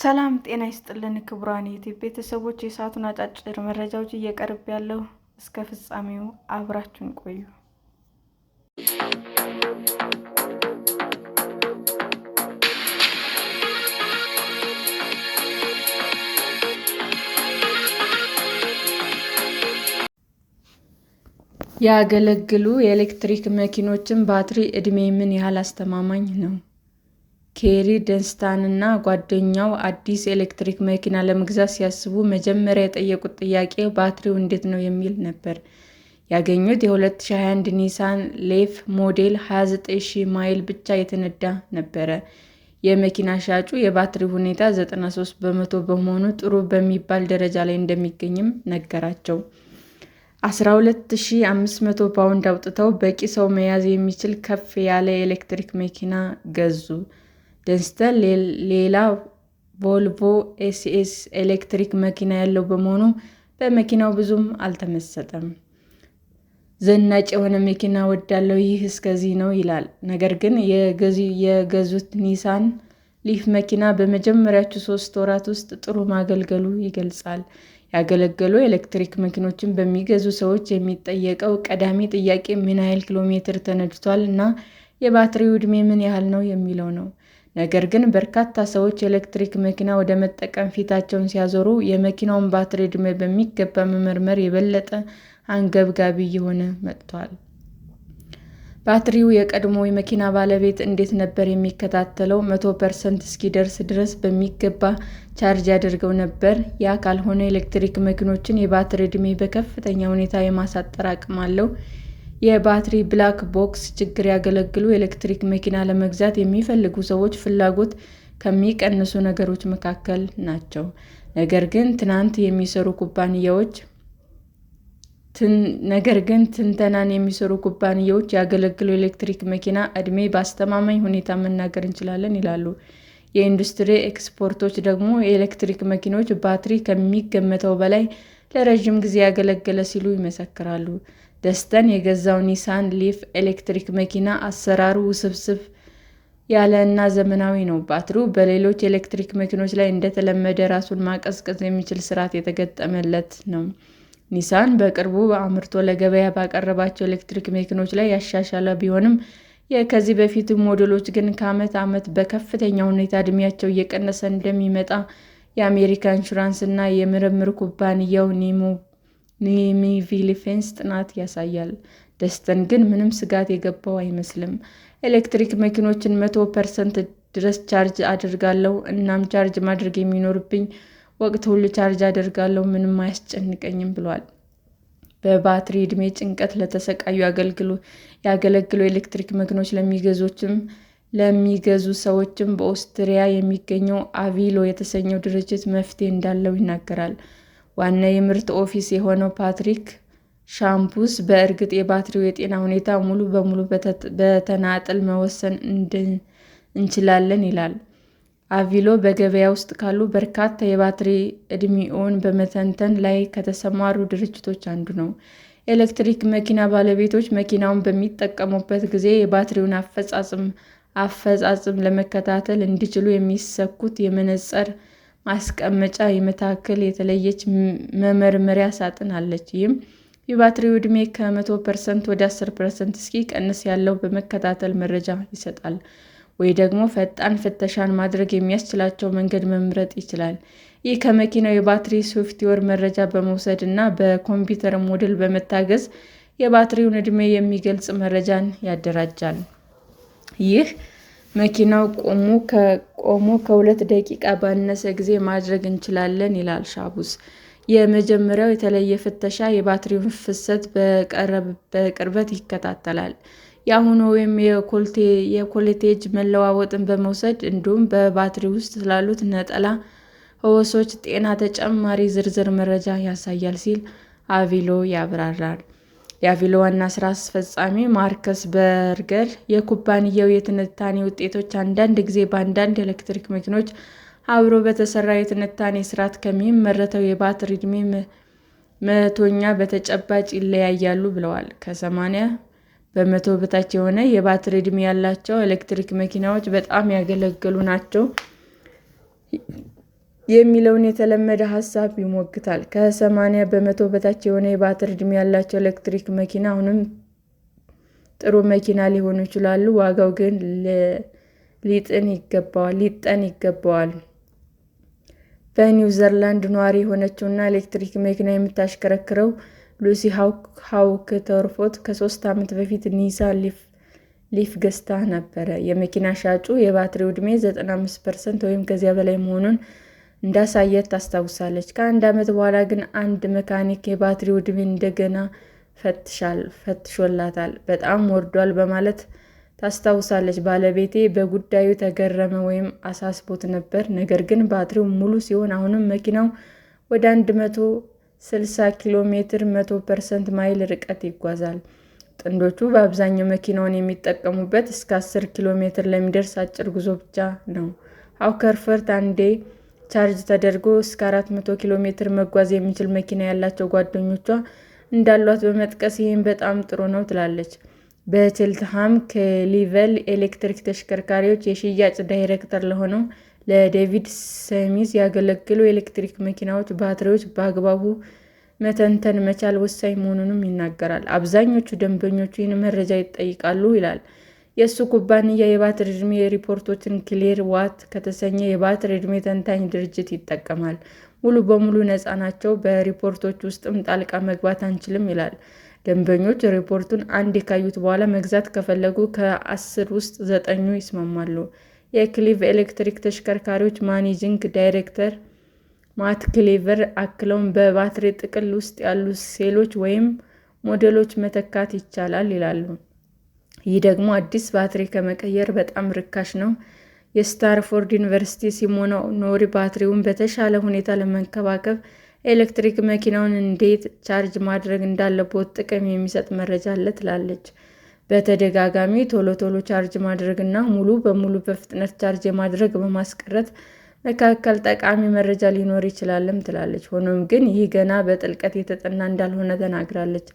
ሰላም ጤና ይስጥልን ክቡራን ዩቲ ቤተሰቦች፣ የሰዓቱን አጫጭር መረጃዎች እየቀርብ ያለው እስከ ፍጻሜው አብራችን ቆዩ። ያገለግሉ የኤሌክትሪክ መኪኖችን ባትሪ ዕድሜ ምን ያህል አስተማማኝ ነው? ኬሪ ደንስታንና ጓደኛው አዲስ ኤሌክትሪክ መኪና ለመግዛት ሲያስቡ መጀመሪያ የጠየቁት ጥያቄ "ባትሪው እንዴት ነው?" የሚል ነበር። ያገኙት የ2021 ኒሳን ሌፍ ሞዴል 29,000 ማይል ብቻ የተነዳ ነበረ። የመኪና ሻጩ የባትሪ ሁኔታ 93 በመቶ በመሆኑ ጥሩ በሚባል ደረጃ ላይ እንደሚገኝም ነገራቸው። 12,500 ፓውንድ አውጥተው በቂ ሰው መያዝ የሚችል ከፍ ያለ የኤሌክትሪክ መኪና ገዙ። ደንስተን ሌላ ቮልቮ ኤስኤስ ኤሌክትሪክ መኪና ያለው በመሆኑ በመኪናው ብዙም አልተመሰጠም። ዘናጭ የሆነ መኪና ወዳለው ይህ እስከዚህ ነው ይላል። ነገር ግን የገዙት ኒሳን ሊፍ መኪና በመጀመሪያዎቹ ሶስት ወራት ውስጥ ጥሩ ማገልገሉ ይገልጻል። ያገለገሉ ኤሌክትሪክ መኪኖችን በሚገዙ ሰዎች የሚጠየቀው ቀዳሚ ጥያቄ ምን ያህል ኪሎ ሜትር ተነድቷል እና የባትሪው ዕድሜ ምን ያህል ነው የሚለው ነው። ነገር ግን በርካታ ሰዎች ኤሌክትሪክ መኪና ወደ መጠቀም ፊታቸውን ሲያዞሩ የመኪናውን ባትሪ ዕድሜ በሚገባ መመርመር የበለጠ አንገብጋቢ እየሆነ መጥቷል። ባትሪው የቀድሞ የመኪና ባለቤት እንዴት ነበር የሚከታተለው? መቶ ፐርሰንት እስኪደርስ ድረስ በሚገባ ቻርጅ ያደርገው ነበር። ያ ካልሆነ ኤሌክትሪክ መኪኖችን የባትሪ ዕድሜ በከፍተኛ ሁኔታ የማሳጠር አቅም አለው። የባትሪ ብላክ ቦክስ ችግር ያገለግሉ ኤሌክትሪክ መኪና ለመግዛት የሚፈልጉ ሰዎች ፍላጎት ከሚቀንሱ ነገሮች መካከል ናቸው። ነገር ግን ትናንት የሚሰሩ ኩባንያዎች ነገር ግን ትንተናን የሚሰሩ ኩባንያዎች ያገለግሉ ኤሌክትሪክ መኪና ዕድሜ በአስተማማኝ ሁኔታ መናገር እንችላለን ይላሉ። የኢንዱስትሪ ኤክስፐርቶች ደግሞ የኤሌክትሪክ መኪኖች ባትሪ ከሚገመተው በላይ ለረጅም ጊዜ ያገለገለ ሲሉ ይመሰክራሉ። ደስተን የገዛው ኒሳን ሊፍ ኤሌክትሪክ መኪና አሰራሩ ውስብስብ ያለ እና ዘመናዊ ነው። ባትሪው በሌሎች ኤሌክትሪክ መኪኖች ላይ እንደተለመደ ራሱን ማቀዝቀዝ የሚችል ስርዓት የተገጠመለት ነው። ኒሳን በቅርቡ አምርቶ ለገበያ ባቀረባቸው ኤሌክትሪክ መኪኖች ላይ ያሻሻለ ቢሆንም፣ ከዚህ በፊት ሞዴሎች ግን ከዓመት ዓመት በከፍተኛ ሁኔታ እድሜያቸው እየቀነሰ እንደሚመጣ የአሜሪካ ኢንሹራንስ እና የምርምር ኩባንያው ኒሚቪሊፌንስ ጥናት ያሳያል። ደስተን ግን ምንም ስጋት የገባው አይመስልም። ኤሌክትሪክ መኪኖችን መቶ ፐርሰንት ድረስ ቻርጅ አድርጋለሁ እናም ቻርጅ ማድረግ የሚኖርብኝ ወቅት ሁሉ ቻርጅ አድርጋለሁ ምንም አያስጨንቀኝም ብሏል። በባትሪ ዕድሜ ጭንቀት ለተሰቃዩ ያገለግሉ ኤሌክትሪክ መኪኖች ለሚገዙ ሰዎችም በኦስትሪያ የሚገኘው አቪሎ የተሰኘው ድርጅት መፍትሄ እንዳለው ይናገራል። ዋና የምርት ኦፊስ የሆነው ፓትሪክ ሻምፑስ፣ በእርግጥ የባትሪው የጤና ሁኔታ ሙሉ በሙሉ በተናጠል መወሰን እንችላለን ይላል። አቪሎ በገበያ ውስጥ ካሉ በርካታ የባትሪ እድሜኦን በመተንተን ላይ ከተሰማሩ ድርጅቶች አንዱ ነው። ኤሌክትሪክ መኪና ባለቤቶች መኪናውን በሚጠቀሙበት ጊዜ የባትሪውን አፈጻጽም ለመከታተል እንዲችሉ የሚሰኩት የመነጽር ማስቀመጫ የመታከል የተለየች መመርመሪያ ሳጥን አለች። ይህም የባትሪው ዕድሜ ከመቶ ፐርሰንት ወደ አስር ፐርሰንት ቀንስ ያለው በመከታተል መረጃ ይሰጣል። ወይ ደግሞ ፈጣን ፍተሻን ማድረግ የሚያስችላቸው መንገድ መምረጥ ይችላል። ይህ ከመኪናው የባትሪ ሶፍትዌር መረጃ በመውሰድ እና በኮምፒውተር ሞዴል በመታገዝ የባትሪውን ዕድሜ የሚገልጽ መረጃን ያደራጃል። ይህ መኪናው ቆሞ ከሁለት ደቂቃ ባነሰ ጊዜ ማድረግ እንችላለን ይላል ሻቡስ። የመጀመሪያው የተለየ ፍተሻ የባትሪውን ፍሰት በቅርበት ይከታተላል። የአሁኑ ወይም የኮቴጅ መለዋወጥን በመውሰድ እንዲሁም በባትሪ ውስጥ ስላሉት ነጠላ ህወሶች ጤና ተጨማሪ ዝርዝር መረጃ ያሳያል ሲል አቪሎ ያብራራል። የአቪሎ ዋና አስፈጻሚ ማርከስ በርገር የኩባንያው የትንታኔ ውጤቶች አንዳንድ ጊዜ በአንዳንድ ኤሌክትሪክ መኪኖች አብሮ በተሰራ የትንታኔ ስርዓት ከሚመረተው የባትሪ ዕድሜ መቶኛ በተጨባጭ ይለያያሉ ብለዋል። ከሰማንያ በመቶ በታች የሆነ የባትሪ ዕድሜ ያላቸው ኤሌክትሪክ መኪናዎች በጣም ያገለገሉ ናቸው የሚለውን የተለመደ ሀሳብ ይሞግታል። ከሰማንያ በመቶ በታች የሆነ የባትሪ ዕድሜ ያላቸው ኤሌክትሪክ መኪና አሁንም ጥሩ መኪና ሊሆኑ ይችላሉ። ዋጋው ግን ሊጠን ይገባዋል። በኒውዚላንድ ነዋሪ የሆነችውና ኤሌክትሪክ መኪና የምታሽከረክረው ሉሲ ሃውክ ተርፎት ከሶስት ዓመት በፊት ኒሳን ሊፍ ገዝታ ነበረ። የመኪና ሻጩ የባትሪው ዕድሜ 95 ፐርሰንት ወይም ከዚያ በላይ መሆኑን እንዳሳየት ታስታውሳለች። ከአንድ ዓመት በኋላ ግን አንድ መካኒክ የባትሪው ዕድሜ እንደገና ፈትሾላታል። በጣም ወርዷል በማለት ታስታውሳለች። ባለቤቴ በጉዳዩ ተገረመ ወይም አሳስቦት ነበር። ነገር ግን ባትሪው ሙሉ ሲሆን አሁንም መኪናው ወደ 160 ኪሎ ሜትር 100 ፐርሰንት ማይል ርቀት ይጓዛል። ጥንዶቹ በአብዛኛው መኪናውን የሚጠቀሙበት እስከ 10 ኪሎ ሜትር ለሚደርስ አጭር ጉዞ ብቻ ነው። አውከርፈርት አንዴ ቻርጅ ተደርጎ እስከ 400 ኪሎ ሜትር መጓዝ የሚችል መኪና ያላቸው ጓደኞቿ እንዳሏት በመጥቀስ ይህም በጣም ጥሩ ነው ትላለች። በቼልትሃም ክሊቭል ኤሌክትሪክ ተሽከርካሪዎች የሽያጭ ዳይሬክተር ለሆነው ለዴቪድ ሰሚዝ ያገለግሉ ኤሌክትሪክ መኪናዎች ባትሪዎች በአግባቡ መተንተን መቻል ወሳኝ መሆኑንም ይናገራል። አብዛኞቹ ደንበኞቹ ይህን መረጃ ይጠይቃሉ ይላል። የእሱ ኩባንያ የባትሪ ዕድሜ ሪፖርቶችን ክሌር ዋት ከተሰኘ የባትሪ ዕድሜ ተንታኝ ድርጅት ይጠቀማል። ሙሉ በሙሉ ነፃ ናቸው፣ በሪፖርቶች ውስጥም ጣልቃ መግባት አንችልም ይላል። ደንበኞች ሪፖርቱን አንድ የካዩት በኋላ መግዛት ከፈለጉ ከአስር ውስጥ ዘጠኙ ይስማማሉ። የክሊቭ ኤሌክትሪክ ተሽከርካሪዎች ማኔጂንግ ዳይሬክተር ማት ክሌቨር አክለውም በባትሪ ጥቅል ውስጥ ያሉ ሴሎች ወይም ሞዴሎች መተካት ይቻላል ይላሉ። ይህ ደግሞ አዲስ ባትሪ ከመቀየር በጣም ርካሽ ነው። የስታንፎርድ ዩኒቨርሲቲ ሲሞና ኖሪ ባትሪውን በተሻለ ሁኔታ ለመንከባከብ ኤሌክትሪክ መኪናውን እንዴት ቻርጅ ማድረግ እንዳለብዎት ጥቅም የሚሰጥ መረጃ አለ ትላለች። በተደጋጋሚ ቶሎ ቶሎ ቻርጅ ማድረግ እና ሙሉ በሙሉ በፍጥነት ቻርጅ የማድረግ በማስቀረት መካከል ጠቃሚ መረጃ ሊኖር ይችላልም ትላለች። ሆኖም ግን ይህ ገና በጥልቀት የተጠና እንዳልሆነ ተናግራለች።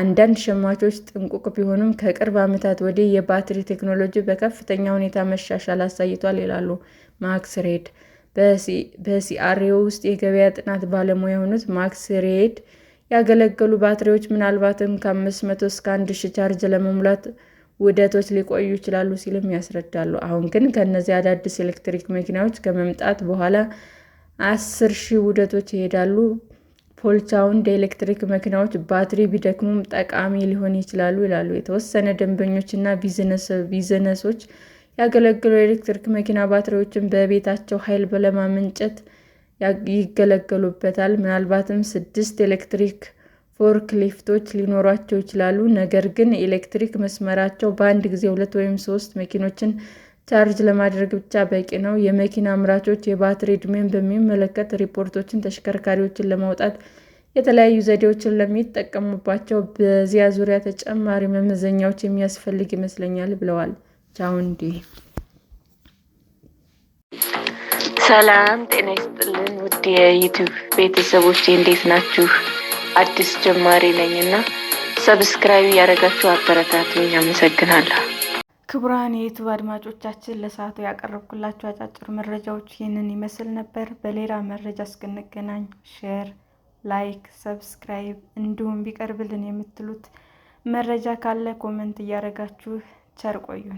አንዳንድ ሸማቾች ጥንቁቅ ቢሆኑም ከቅርብ ዓመታት ወዲህ የባትሪ ቴክኖሎጂ በከፍተኛ ሁኔታ መሻሻል አሳይቷል ይላሉ ማክስ ሬድ። በሲአርኤው ውስጥ የገበያ ጥናት ባለሙያ የሆኑት ማክስ ሬድ ያገለገሉ ባትሪዎች ምናልባትም ከ500 እስከ 1000 ቻርጅ ለመሙላት ውደቶች ሊቆዩ ይችላሉ ሲልም ያስረዳሉ። አሁን ግን ከእነዚህ አዳዲስ ኤሌክትሪክ መኪናዎች ከመምጣት በኋላ 10,000 ውደቶች ይሄዳሉ ፖልታውን እንደ ኤሌክትሪክ መኪናዎች ባትሪ ቢደክሙም ጠቃሚ ሊሆን ይችላሉ ይላሉ። የተወሰነ ደንበኞች እና ቢዝነሶች ያገለገሉ የኤሌክትሪክ መኪና ባትሪዎችን በቤታቸው ኃይል በለማመንጨት ይገለገሉበታል። ምናልባትም ስድስት ኤሌክትሪክ ፎርክሊፍቶች ሊኖሯቸው ይችላሉ። ነገር ግን ኤሌክትሪክ መስመራቸው በአንድ ጊዜ ሁለት ወይም ሶስት መኪኖችን ቻርጅ ለማድረግ ብቻ በቂ ነው። የመኪና አምራቾች የባትሪ ዕድሜን በሚመለከት ሪፖርቶችን ተሽከርካሪዎችን ለማውጣት የተለያዩ ዘዴዎችን ለሚጠቀሙባቸው በዚያ ዙሪያ ተጨማሪ መመዘኛዎች የሚያስፈልግ ይመስለኛል ብለዋል ቻውንዴ። ሰላም ጤና ይስጥልን ውድ የዩቱብ ቤተሰቦች እንዴት ናችሁ? አዲስ ጀማሪ ነኝ እና ሰብስክራይብ ያደረጋችሁ አበረታቱኝ። አመሰግናለሁ። ክቡራን የዩቱብ አድማጮቻችን ለሰዓቱ ያቀረብኩላቸው አጫጭር መረጃዎች ይህንን ይመስል ነበር። በሌላ መረጃ እስክንገናኝ ሼር፣ ላይክ፣ ሰብስክራይብ እንዲሁም ቢቀርብልን የምትሉት መረጃ ካለ ኮመንት እያደረጋችሁ ቸር ቆዩን።